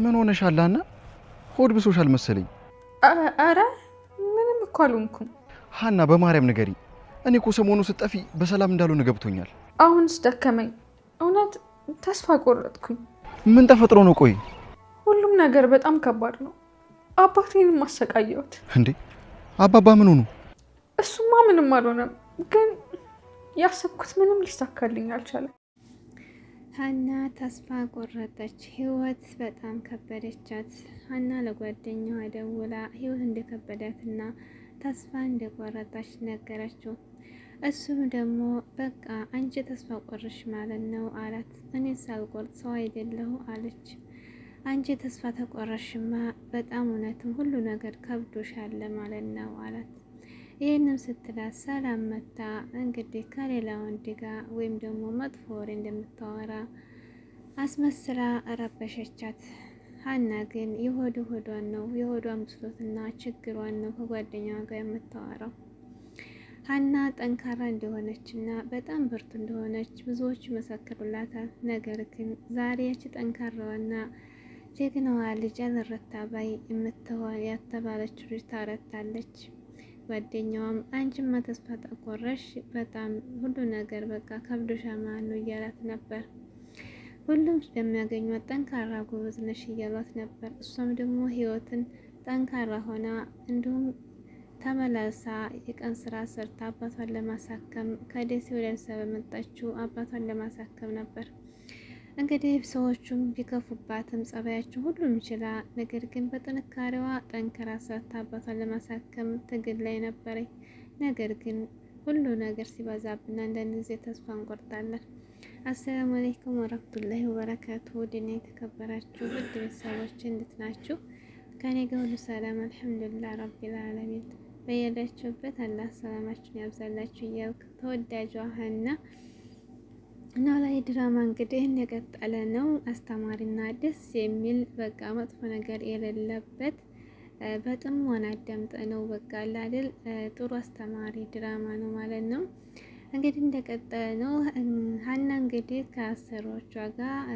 ምን ሆነሻል? ሀና ሆድ ብሶሻል መሰለኝ። አረ ምንም እኮ አልሆንኩም። ሀና በማርያም ንገሪ። እኔ እኮ ሰሞኑ ስጠፊ በሰላም እንዳልሆነ ገብቶኛል። አሁንስ ደከመኝ። እውነት ተስፋ ቆረጥኩኝ። ምን ተፈጥሮ ነው? ቆይ ሁሉም ነገር በጣም ከባድ ነው። አባቴንም አሰቃየሁት። እንዴ አባባ ምን ሆኑ? እሱማ ምንም አልሆነም፣ ግን ያሰብኩት ምንም ሊሳካልኝ አልቻለም። ሀና ተስፋ ቆረጠች። ህይወት በጣም ከበደቻት። ሀና ለጓደኛዋ ደውላ ህይወት እንደከበዳትና ተስፋ እንደቆረጠች ነገረችው። እሱም ደግሞ በቃ አንቺ ተስፋ ቆርሽ ማለት ነው አላት። እኔ ሳልቆርጥ ሰው አይደለሁ አለች። አንቺ ተስፋ ተቆረሽማ በጣም እውነትም ሁሉ ነገር ከብዶሻል ማለት ነው አላት። ይህንም ስትላት ሰላም መታ እንግዲህ ከሌላ ወንድ ጋር ወይም ደግሞ መጥፎ ወሬ እንደምታወራ አስመስላ ረበሸቻት። ሀና ግን የሆድ ሆዷን ነው የሆዷን ብስሎትና ችግሯን ነው ከጓደኛዋ ጋር የምታወራው። ሀና ጠንካራ እንደሆነች እና በጣም ብርቱ እንደሆነች ብዙዎች ይመሰክሩላታል። ነገር ግን ዛሬ ያቺ ጠንካራዋና ጀግናዋ ልጅ አልረታ ባይ የምትዋል ያተባለችው ልጅ ታረታለች። ጓደኛዋም አንቺማ ተስፋ ጠቆረሽ፣ በጣም ሁሉ ነገር በቃ ከብዶሻ ማኑ እያላት ነበር። ሁሉም ስለሚያገኟት ጠንካራ ጎበዝ ነሽ እያሏት ነበር። እሷም ደግሞ ህይወትን ጠንካራ ሆና እንዲሁም ተመላሳ የቀን ስራ ሰርታ አባቷን ለማሳከም ከደሴ ወደ አዲስ አበባ መጣችው አባቷን ለማሳከም ነበር። እንግዲህ ሰዎቹም ቢከፉባትም ጸባያቸው ሁሉም ይችላ፣ ነገር ግን በጥንካሬዋ ጠንከራ ሰርታ አባቷን ለማሳከም ትግል ላይ ነበረኝ። ነገር ግን ሁሉ ነገር ሲበዛብና አንዳንድ ተስፋ እንቆርጣለን። አሰላሙ አለይኩም ወረህመቱላሂ ወበረካቱ። ውድና የተከበራችሁ ውድ ቤተሰቦች እንዴት ናችሁ? ከኔ ጋር ሁሉ ሰላም አልሐምዱሊላህ ረቢል አለሚን። በያላችሁበት አላህ ሰላማችሁን ያብዛላችሁ እያልኩ ተወዳጇ ሀና ኖላዊ ድራማ እንግዲህ እንደቀጠለ ነው። አስተማሪና ደስ የሚል በቃ መጥፎ ነገር የሌለበት በጥሞና አዳምጠ ነው በቃ አይደል? ጥሩ አስተማሪ ድራማ ነው ማለት ነው። እንግዲህ እንደቀጠለ ነው። ሀና እንግዲህ ከአሰሪዎቿ ጋር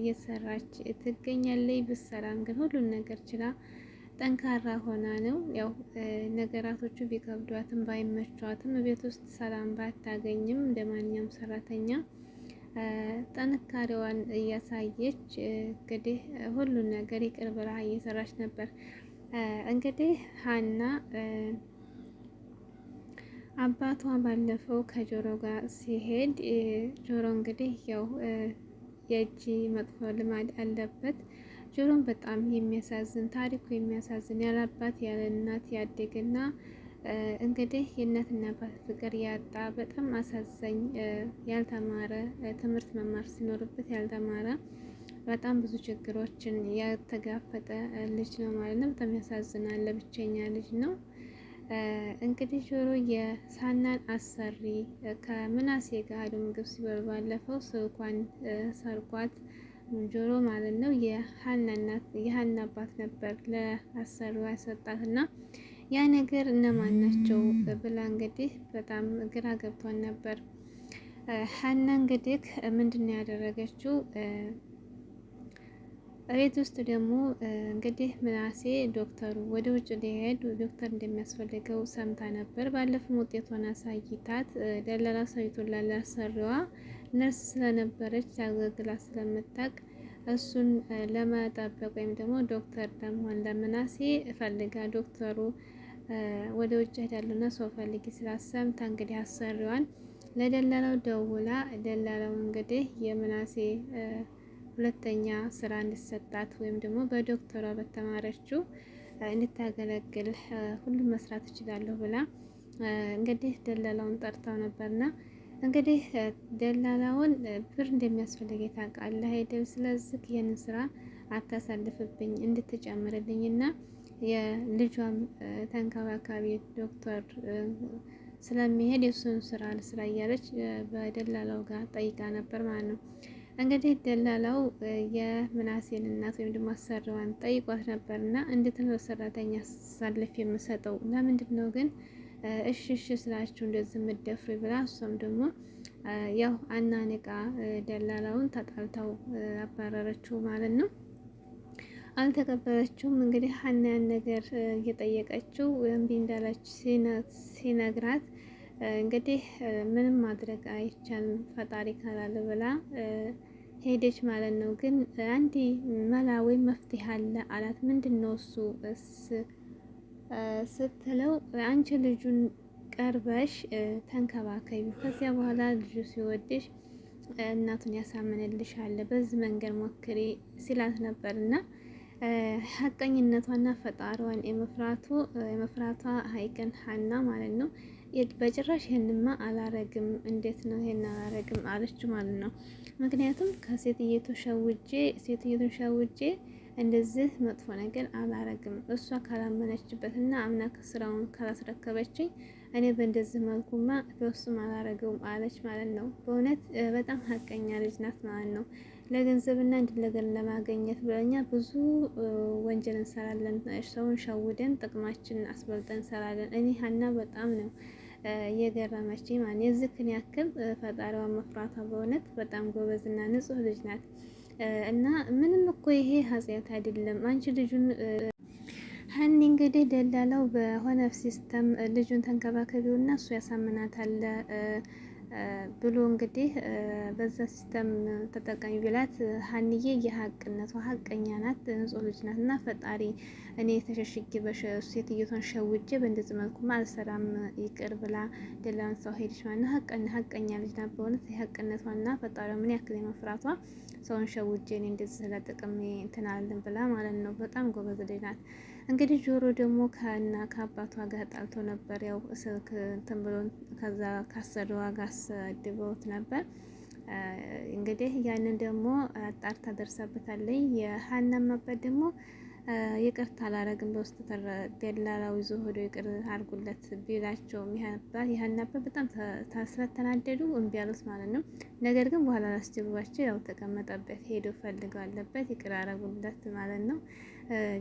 እየሰራች ትገኛለች። ብትሰራም ግን ሁሉን ነገር ችላ ጠንካራ ሆና ነው ያው ነገራቶቹ ቢከብዷትም ባይመቿትም ቤት ውስጥ ሰላም ባታገኝም እንደ ማንኛውም ሰራተኛ ጥንካሬዋን እያሳየች እንግዲህ ሁሉን ነገር ይቅር ብላ እየሰራች ነበር። እንግዲህ ሀና አባቷ ባለፈው ከጆሮ ጋር ሲሄድ ጆሮ እንግዲህ ያው የእጅ መጥፎ ልማድ አለበት። ጆሮን በጣም የሚያሳዝን ታሪኩ የሚያሳዝን ያለ አባት ያለ እናት ያደገና እንግዲህ የእናትና አባት ፍቅር ያጣ በጣም አሳዛኝ ያልተማረ ትምህርት መማር ሲኖርበት ያልተማረ በጣም ብዙ ችግሮችን ያተጋፈጠ ልጅ ነው ማለት ነው። በጣም ያሳዝናል። ለብቸኛ ልጅ ነው። እንግዲህ ጆሮ የሳናን አሰሪ ከምናሴ ጋር ምግብ ሲበሉ ባለፈው ስልኳን ሰርቋት ጆሮ ማለት ነው። የሀና አባት ነበር ለአሰሪዋ ያሰጣትና ያ ነገር እነማን ናቸው ብላ እንግዲህ በጣም ግራ ገብቷን ነበር። ሀና እንግዲህ ምንድን ነው ያደረገችው? ቤት ውስጥ ደግሞ እንግዲህ ምናሴ ዶክተሩ ወደ ውጭ ሊሄድ ዶክተር እንደሚያስፈልገው ሰምታ ነበር። ባለፈው ውጤቷን አሳይታት ደላላ ሰዊቱን ላላሰሪዋ ነርስ ስለነበረች ያገግላ ስለምታቅ እሱን ለመጠበቅ ወይም ደግሞ ዶክተር ለመሆን ለምናሴ እፈልጋ ዶክተሩ ወደ ውጭ ሄዳለሁና ሰው ፈልጊ ስላሰምታ እንግዲህ አሰሪዋን ለደላላው ደውላ ደላላው እንግዲህ የምናሴ ሁለተኛ ስራ እንድሰጣት ወይም ደግሞ በዶክተሯ በተማረችው እንድታገለግል ሁሉም መስራት እችላለሁ ብላ እንግዲህ ደላላውን ጠርታው ነበርና እንግዲህ ደላላውን ብር እንደሚያስፈልግ ታውቃለህ አይደል? ስለዚህ ይህንን ስራ አታሳልፍብኝ እንድትጨምርልኝና የልጇም ተንከባካቢ ዶክተር ስለሚሄድ የሱን ስራ ስራ እያለች በደላላው ጋር ጠይቃ ነበር ማለት ነው። እንግዲህ ደላላው የምናሴን እናት ወይም ደግሞ አሰሪዋን ጠይቋት ነበር እና እንዴት ነው ሰራተኛ ሳልፍ የምሰጠው ለምንድን ነው ግን እሺ እሺ ስላችሁ እንደዚህ የምትደፍሩ ብላ እሷም ደግሞ ያው አናንቃ ደላላውን ተጣልተው አባረረችው ማለት ነው። አልተቀበለችውም። እንግዲህ ሀና ያን ነገር እየጠየቀችው እምቢ እንዳለች ሲነግራት እንግዲህ ምንም ማድረግ አይቻልም ፈጣሪ ካላለ ብላ ሄደች ማለት ነው። ግን አንድ መላ ወይም መፍትሄ አለ አላት። ምንድን ነው እሱ ስትለው አንቺ ልጁን ቀርበሽ ተንከባከቢ፣ ከዚያ በኋላ ልጁ ሲወድሽ እናቱን ያሳምንልሻል፣ በዚህ መንገድ ሞክሪ ሲላት ነበር እና ሀቀኝነቷና ፈጣሪዋን የመፍራቱ የመፍራቷ ሀይቅን ሀና ማለት ነው። በጭራሽ ይህንማ አላረግም፣ እንዴት ነው ይህን አላረግም አለች ማለት ነው። ምክንያቱም ከሴትየቱ ሸውጄ ሴትየቱን ሸውጄ እንደዚህ መጥፎ ነገር አላረግም። እሷ ካላመነችበትና አምና ስራውን ካላስረከበችኝ እኔ በእንደዚህ መልኩማ በሱም አላረገውም አለች ማለት ነው። በእውነት በጣም ሀቀኛ ልጅ ናት ማለት ነው። ለገንዘብና አንድ ነገር ለማገኘት በእኛ ብዙ ወንጀል እንሰራለን። ሰውን ሸውደን ጥቅማችን አስበልጠን እንሰራለን። እኔ ሀና በጣም ነው የገረመች ማን የዚህን ያክል ፈጣሪዋን መፍራቷ በእውነት በጣም ጎበዝና ንጹህ ልጅ ናት። እና ምንም እኮ ይሄ ኃጢአት አይደለም። አንቺ ልጁን ሀኒ እንግዲህ ደላላው በሆነ ሲስተም ልጁን ተንከባከቢው እና እሱ ያሳምናታል ብሎ እንግዲህ በዛ ሲስተም ተጠቃሚ ቢላት ሀንዬ የሀቅነቷ ሀቀኛ ናት፣ ንጹህ ልጅ ናት እና ፈጣሪ እኔ ተሸሽጌ ሴትዮቷን ሸውጄ በእንደዚህ መልኩ አልሰራም ይቅር ብላ ሌላን ሰው ሄድች ማለት ነው። ሀቀኛ ልጅ ናት በእውነት ና ፈጣሪ ምን ያክል የመፍራቷ ሰውን ሸውጄ እኔ እንደዚህ ስለጠቅሜ እንትን አለን ብላ ማለት ነው። በጣም ጎበዝ ልጅ ናት። እንግዲህ ጆሮ ደግሞ ከእና ከአባቷ ጋር ጣልቶ ነበር። ያው ስልክ እንትን ብሎ ከዛ ካሰደዋ ጋር አሰድበውት ነበር። እንግዲህ ያንን ደግሞ አጣርታ ደርሳበታለኝ። የሀናም አባት ደግሞ ይቅርታ አላረግም በውስጥ ደላላው ይዞ ሆዶ ይቅር አርጉለት ቢላቸውም ይህን አባት በጣም ስለተናደዱ እምቢ አሉት ማለት ነው። ነገር ግን በኋላ ላስጀግባቸው ያው ተቀመጠበት ሄዶ ፈልገው አለበት ይቅር አረጉለት ማለት ነው።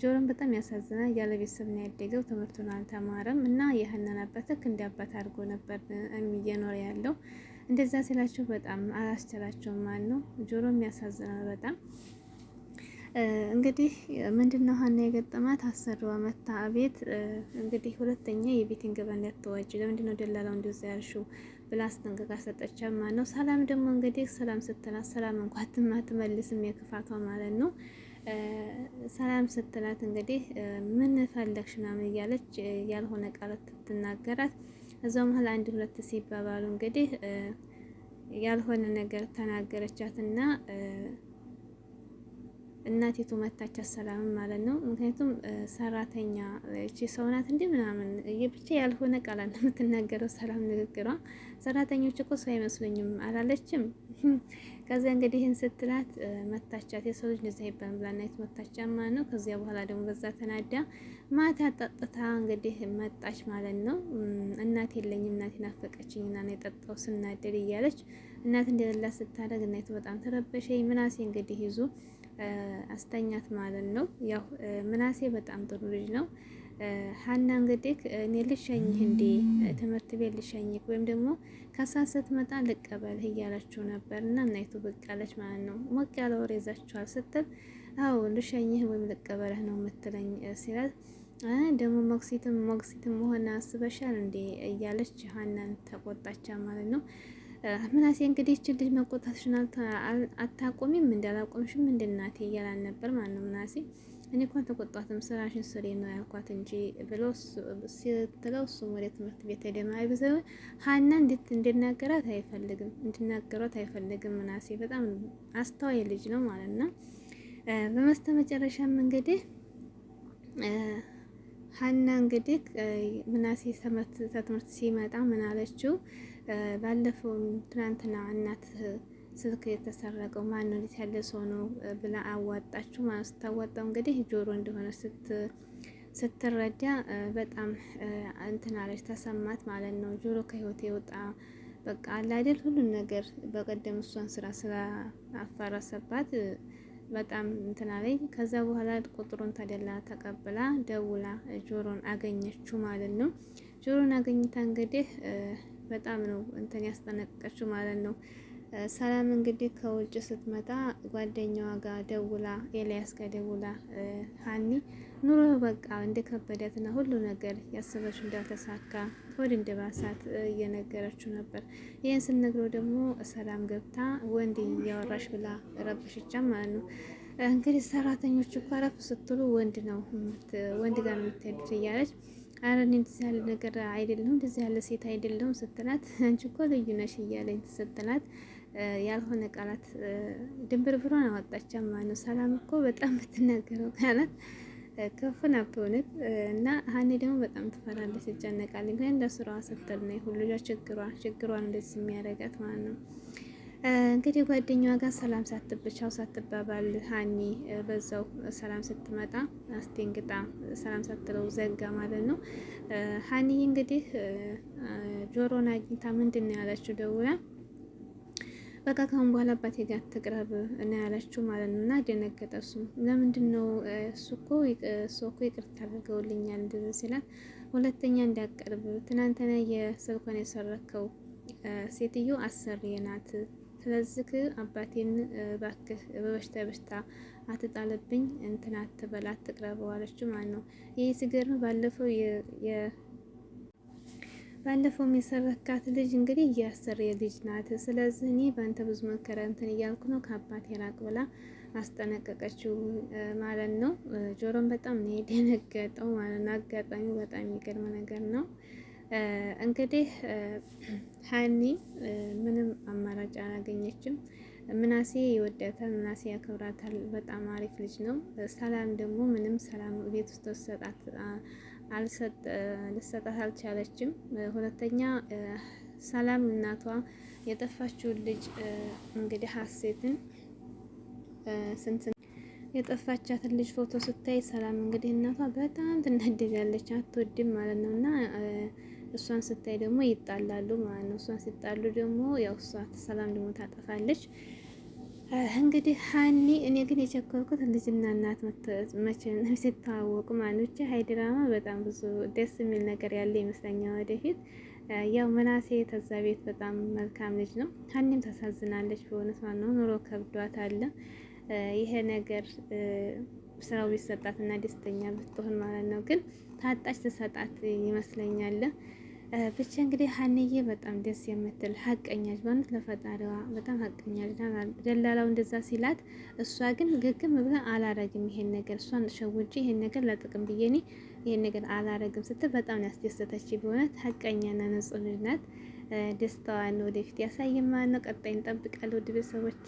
ጆሮን በጣም ያሳዝናል። ያለ ቤተሰብ ነው ያደገው፣ ትምህርቱን አልተማረም እና ይህንን አባት እንደ አባት አድርጎ ነበር እየኖረ ያለው። እንደዛ ሲላቸው በጣም አላስችላቸውም ማለት ነው። ጆሮም ያሳዝናል በጣም እንግዲህ ምንድን ነው ሀና የገጠማት አሰሪዋ መታ ቤት እንግዲህ ሁለተኛ የቤቴን ገበ እንዳትዋጭ ለምንድን ነው ደላላው እንዲወዛ ያልሺው ብላ አስጠንቅቃ ሰጠቻ ማለት ነው። ሰላም ደግሞ እንግዲህ ሰላም ስትላት ሰላም እንኳን ትመልስም የክፋቷ ማለት ነው። ሰላም ስትላት እንግዲህ ምን ፈለግሽ ምናምን እያለች ያልሆነ ቃላት ትናገራት። እዛው መሀል አንድ ሁለት ሲባባሉ እንግዲህ ያልሆነ ነገር ተናገረቻትና እናቲቱ መታች አሰላምም ማለት ነው። ምክንያቱም ሰራተኛ እቺ ሰው ናት እንዲህ ምናምን ብቻ ያልሆነ ቃላት የምትናገረው ሰላም ንግግሯ። ሰራተኞች እኮ ሰው አይመስሉኝም አላለችም። ከዚያ እንግዲህ ይህን ስትላት መታቻት። የሰው ልጅ እንደዚያ ይባል ብላ እናት መታቻ ማለት ነው። ከዚያ በኋላ ደግሞ በዛ ተናዳ ማታ ጠጥታ እንግዲህ መጣች ማለት ነው። እናት የለኝም እናት ናፈቀችኝ ና ነው የጠጣው ስናደድ እያለች እናት እንደሌላ ስታደርግ እናይቱ በጣም ተረበሸኝ። ምናሴ እንግዲህ ይዞ አስተኛት ማለት ነው። ያው ምናሴ በጣም ጥሩ ልጅ ነው። ሀና እንግዲህ እኔ ልሸኝህ እንዴ ትምህርት ቤት ልሸኝህ ወይም ደግሞ ከሳት ስትመጣ ልቀበልህ እያላችሁ ነበር እና እናይቱ ብቅ አለች ማለት ነው። ሞቅ ያለ ወሬ ይዛችኋል ስትል አው ልሸኝህ ወይም ልቀበልህ ነው የምትለኝ ሲላት ደግሞ ሞግዚትም ሞግዚትም መሆን አስበሻል እንዴ እያለች ሀናን ተቆጣቻ ማለት ነው። ምናሴ እንግዲህ እች ልጅ መቆጣትሽን አታቆሚም እንዳላቆምሽም እንድናቴ እያላን ነበር ማለት ነው። ምናሴ እኔ እንኳን ተቆጣትም ስራሽን ስሬ ነው ያልኳት እንጂ ብሎ ስትለው እሱም ወደ ትምህርት ቤት ሄደማ ይብዘው ሀና እንዴት እንድናገራት አይፈልግም እንድናገሯት አይፈልግም። ምናሴ በጣም አስተዋይ ልጅ ነው ማለት ነው። በመስተመጨረሻም እንግዲህ ሀና እንግዲህ ምናሴ ከትምህርት ሲመጣ ምን አለችው? ባለፈው ትናንትና እናት ስልክ የተሰረቀው ማን ነው ያለ ሰው ነው ብላ አዋጣችሁ ማለት ስታዋጣው እንግዲህ ጆሮ እንደሆነ ስትረዳ በጣም እንትን አለች ተሰማት ማለት ነው። ጆሮ ከህይወት የወጣ በቃ አላደል አይደል ሁሉን ነገር በቀደም እሷን ስራ ስራ አፈራሰባት። በጣም እንትን ከዛ በኋላ ቁጥሩን ተደላ ተቀብላ ደውላ ጆሮን አገኘችው ማለት ነው። ጆሮን አገኝታ እንግዲህ በጣም ነው እንትን ያስጠነቅቀችው ማለት ነው። ሰላም እንግዲህ ከውጭ ስትመጣ ጓደኛዋ ጋር ደውላ ኤልያስ ጋር ደውላ ሀኒ ኑሮ በቃ እንደከበዳትና ሁሉ ነገር ያሰበች እንዳልተሳካ ሆድ እንደባሳት እየነገረችው ነበር። ይህን ስነግረው ደግሞ ሰላም ገብታ ወንድ እያወራሽ ብላ ረበሸቻ ማለት ነው። እንግዲህ ሰራተኞች እኮ አረፍ ስትሉ ወንድ ነው ወንድ ጋር ነው የምትሄዱት እያለች አረ እኔ እንደዚህ ያለ ነገር አይደለሁም እንደዚህ ያለ ሴት አይደለሁም ስትላት አንቺ እኮ ልዩ ነሽ እያለኝ ስትላት ያልሆነ ቃላት ድንብር አወጣቻ አወጣች። ነው። ሰላም እኮ በጣም ብትናገረው ቃላት ከፍ ናት እና ሀኔ ደግሞ በጣም ትፈራለች፣ ትጨነቃለች። ግን እንደ ስራዋ ሰተል ነው ሁሉ ልጇ ችግሯ ችግሯን እንደዚህ የሚያደርጋት ማለት ነው። እንግዲህ ጓደኛዋ ጋር ሰላም ሳትብቻው ሳትባባል ሀኒ በዛው ሰላም ስትመጣ አስቴንግጣ ሰላም ሳትለው ዘጋ ማለት ነው። ሀኒ እንግዲህ ጆሮን አግኝታ ምንድን ነው ያለችው ደውላ በቃ ካሁን በኋላ አባቴ ጋር ትቅረብ እና ያለችው ማለት ነው። እና ደነገጠ። እሱም ለምንድን ነው እሱ እኮ እሱ እኮ ይቅርታ አድርገውልኛል ሲላት፣ ሁለተኛ እንዳቀርብ ትናንትና የስልኮን የሰረከው ሴትዮ አሰሪ ናት። ስለዚህ አባቴን እባክህ በበሽታ በሽታ አትጣልብኝ፣ እንትን አትበላት፣ ትቅረበዋለች ማለት ነው። ይህ ሲገርም ባለፈው ባለፈውም የሰረካት ልጅ እንግዲህ እያሰር ልጅ ናት። ስለዚህ እኔ በአንተ ብዙ መከራ እንትን እያልኩ ነው ከአባት የራቅ ብላ አስጠነቀቀችው ማለት ነው። ጆሮም በጣም ነው የደነገጠው ማለት ነው። አጋጣሚው በጣም የሚገርም ነገር ነው። እንግዲህ ሀኒ ምንም አማራጭ አላገኘችም። ምናሴ ይወዳታል፣ ምናሴ ያከብራታል። በጣም አሪፍ ልጅ ነው። ሰላም ደግሞ ምንም ሰላም ቤት ውስጥ ወሰጣት ልሰጣት አልቻለችም። ሁለተኛ ሰላም እናቷ የጠፋችው ልጅ እንግዲህ ሀሴትን ስንት የጠፋቻትን ልጅ ፎቶ ስታይ ሰላም እንግዲህ እናቷ በጣም ትናደጋለች፣ አትወድም ማለት ነው። እና እሷን ስታይ ደግሞ ይጣላሉ ማለት ነው። እሷን ሲጣሉ ደግሞ ያው እሷ ሰላም ደግሞ ታጠፋለች። እንግዲህ ሀኒ እኔ ግን የቸኮልኩት ልጅና እናት መቼም ሲተዋወቁ ማኖች ሀይ ድራማ በጣም ብዙ ደስ የሚል ነገር ያለ ይመስለኛል። ወደፊት ያው ምናሴ ተዛ ቤት በጣም መልካም ልጅ ነው። ሀኒም ታሳዝናለች በእውነት ነው። ኑሮ አለ ይሄ ነገር ስራው ቢሰጣትና ደስተኛ ብትሆን ማለት ነው። ግን ታጣች ተሰጣት ይመስለኛል። ብቻ እንግዲህ ሀንዬ በጣም ደስ የምትል ሀቀኛች በእውነት ለፈጣሪዋ በጣም ሀቀኛች። ደላላው እንደዛ ሲላት እሷ ግን ግግም ብላ አላረግም ይሄን ነገር እሷን ሸውጪ ይሄን ነገር ለጥቅም ብዬ እኔ ይሄን ነገር አላረግም ስትል በጣም ያስደሰተች በእውነት ሀቀኛና ንጹሕ ልጅ ናት። ደስታዋን ወደፊት ያሳየማን ነው። ቀጣይ እንጠብቃለን ውድ ቤተሰቦች።